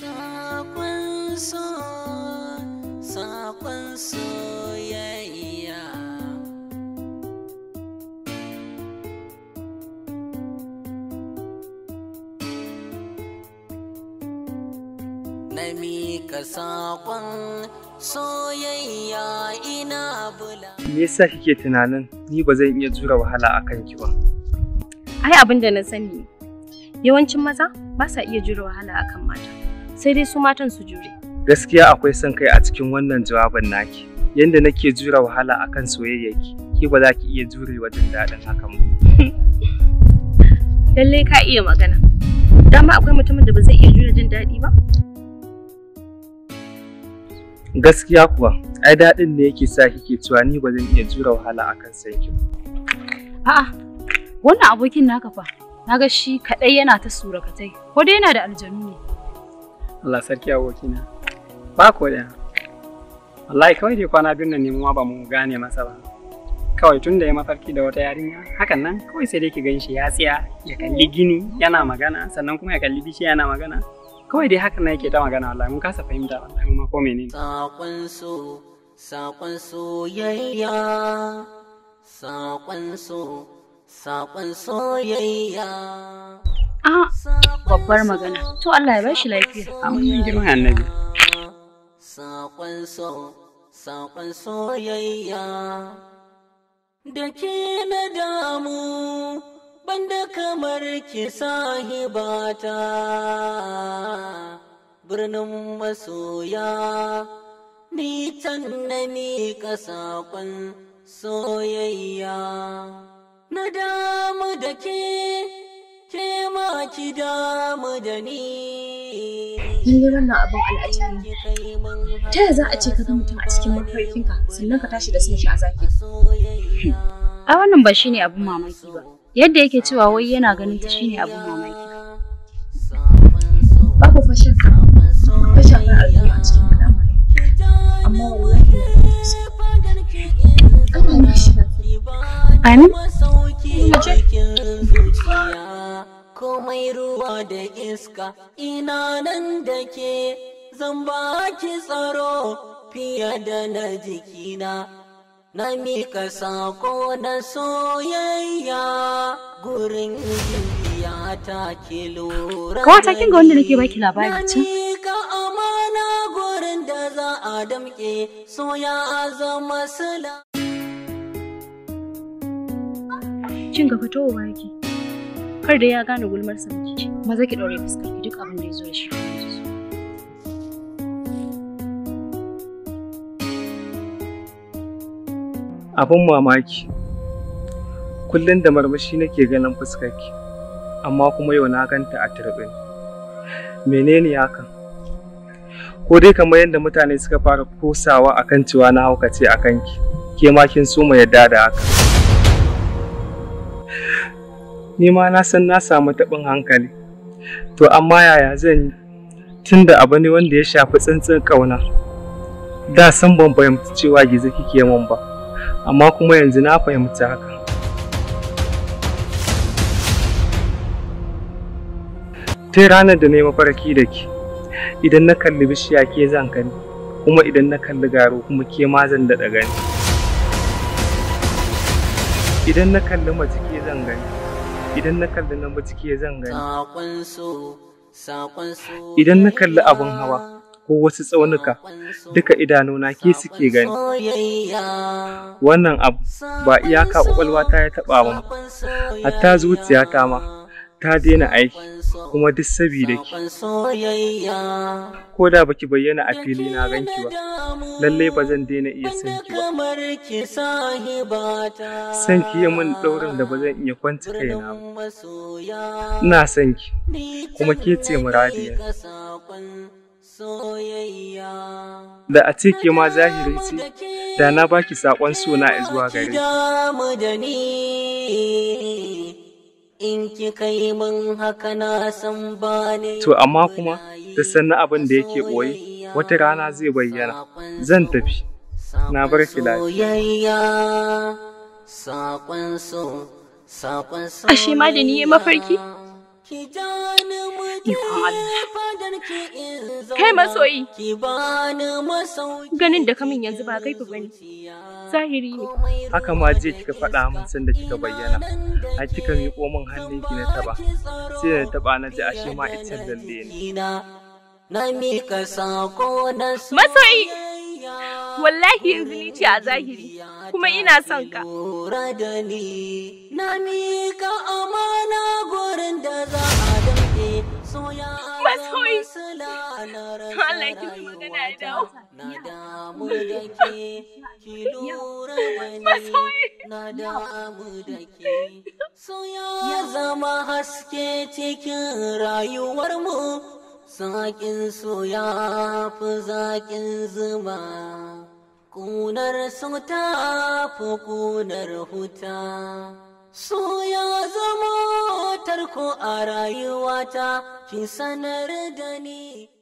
Saƙon soyayya. Na ina bula. Me yasa kike tunanin ni ba zan iya jura wahala a kanki ba? Ai abin na sani yawancin maza ba sa iya jure wahala akan mata. sai dai su matan su jure gaskiya akwai son kai a cikin wannan jawabin naki yanda nake jura wahala akan soyayyaki ki ba za ki iya wa jin daɗin hakan ba lallai ka iya magana dama akwai mutumin da ba zai iya jure jin daɗi ba gaskiya kuwa ai daɗin ne yake sa kike cewa ni ba zan iya jura wahala akan ki ba a'a wannan abokin naka fa naga shi kaɗai yana ta surakatai ko dai yana da aljanu ne Allah sarki abokina. Ba ko da. Wallahi kawai dai kwana biyun nan ne mu ba mu gane masa ba. Kawai tun da ya mafarki da wata yarinya hakan nan kawai sai dai ki gan shi ya tsaya ya kalli gini yana magana sannan kuma ya kalli bishiya yana magana. Kawai dai hakan nan yake ta magana wallahi mun kasa fahimta wallahi ma ko menene. Saƙon so saƙon soyayya saƙon so saƙon soyayya. a babbar magana to Allah ya bashi lafiya amin girman annabi saƙon so saƙon soyayya da na damu banda kamar ki sahibata birnin masoya ni na saƙon soyayya na damu da ke ki damu da ni lalle wannan abin al'ajabi ta yaya za a ce ka ga mutum a cikin mafarkinka sannan ka tashi da son shi a zaki a wannan ba shi ne abin mamaki ba yadda yake cewa wai yana ganin ta shi ne abin mamaki babu fashin ka shafar al'umma a cikin al'amari amma wallahi na Allah ne shi Amin. komai ruwa da iska ina nan da ke zan baki tsaro fiye da na jikina na mika sako na soyayya gurin jiya ta ke lura kawata kin ga wanda nake baki labari za a damke so ya zama sala. Cin gaba towa yake. kar da ya gane gulmar sa mace ce maza ki ɗaure fuskar ki duk abin da ya zo ya shi abin mamaki kullum da marmashi nake ganin fuskarki amma kuma yau na ganta a turbe menene hakan ko dai kamar yadda mutane suka fara kosawa akan cewa na haukace akan ki ke ma kin so mu yadda da haka ni ma na san na samu taɓin hankali to amma yaya zan yi tunda abu ne wanda ya shafi tsantsin ƙauna da san ban fahimci cewa gizo kike min ba amma kuma yanzu na fahimci haka ta ranar da na yi mafarki da ke idan na kalli bishiya ke zan gani kuma idan na kalli garo kuma ke ma zan gani idan na kalli mace ke zan gani idan na kalli ciki zan gani idan na kalli abin hawa ko wasu tsaunuka duka idanuna ke suke gani wannan abu ba iyaka kwakwalwa ta ya taɓa ba hatta zuciyata ma ta daina aiki kuma duk sabida ki ko da baki bayyana a fili na ranki ba lalle ba zan daina iya san ki ba san ki yi min daurin da ba zan iya kwanta kaina ba ina san ki kuma ke ce muradiya da a ce ke ma zahiri ce da na baki sakon suna zuwa gare in ki kai min haka na san ba ne to amma kuma da sanna abin da yake boye wata rana zai bayyana zan tafi na bar ki lafiya Ashe ma da ni mafarki? Kai masoyi, ganin da kamin yanzu ba kai ba ne, zahiri ne. Haka ma je kika faɗa min sanda kika bayyana, a kika miƙo min hannunki na taba, sai da taba na ji ashe ma ita zalle ne. Masoyi, wallahi yanzu ni ce a zahiri, kuma ina son ka. Na miƙa amana gurin da za masoyi to Allah ki magana ya dawo na damu da ke ya zama haske cikin rayuwarmu Zaƙin so ya fi zaƙin zuma ƙunar so ta fi huta so ya zama tarko a rayuwata fi sanar da ni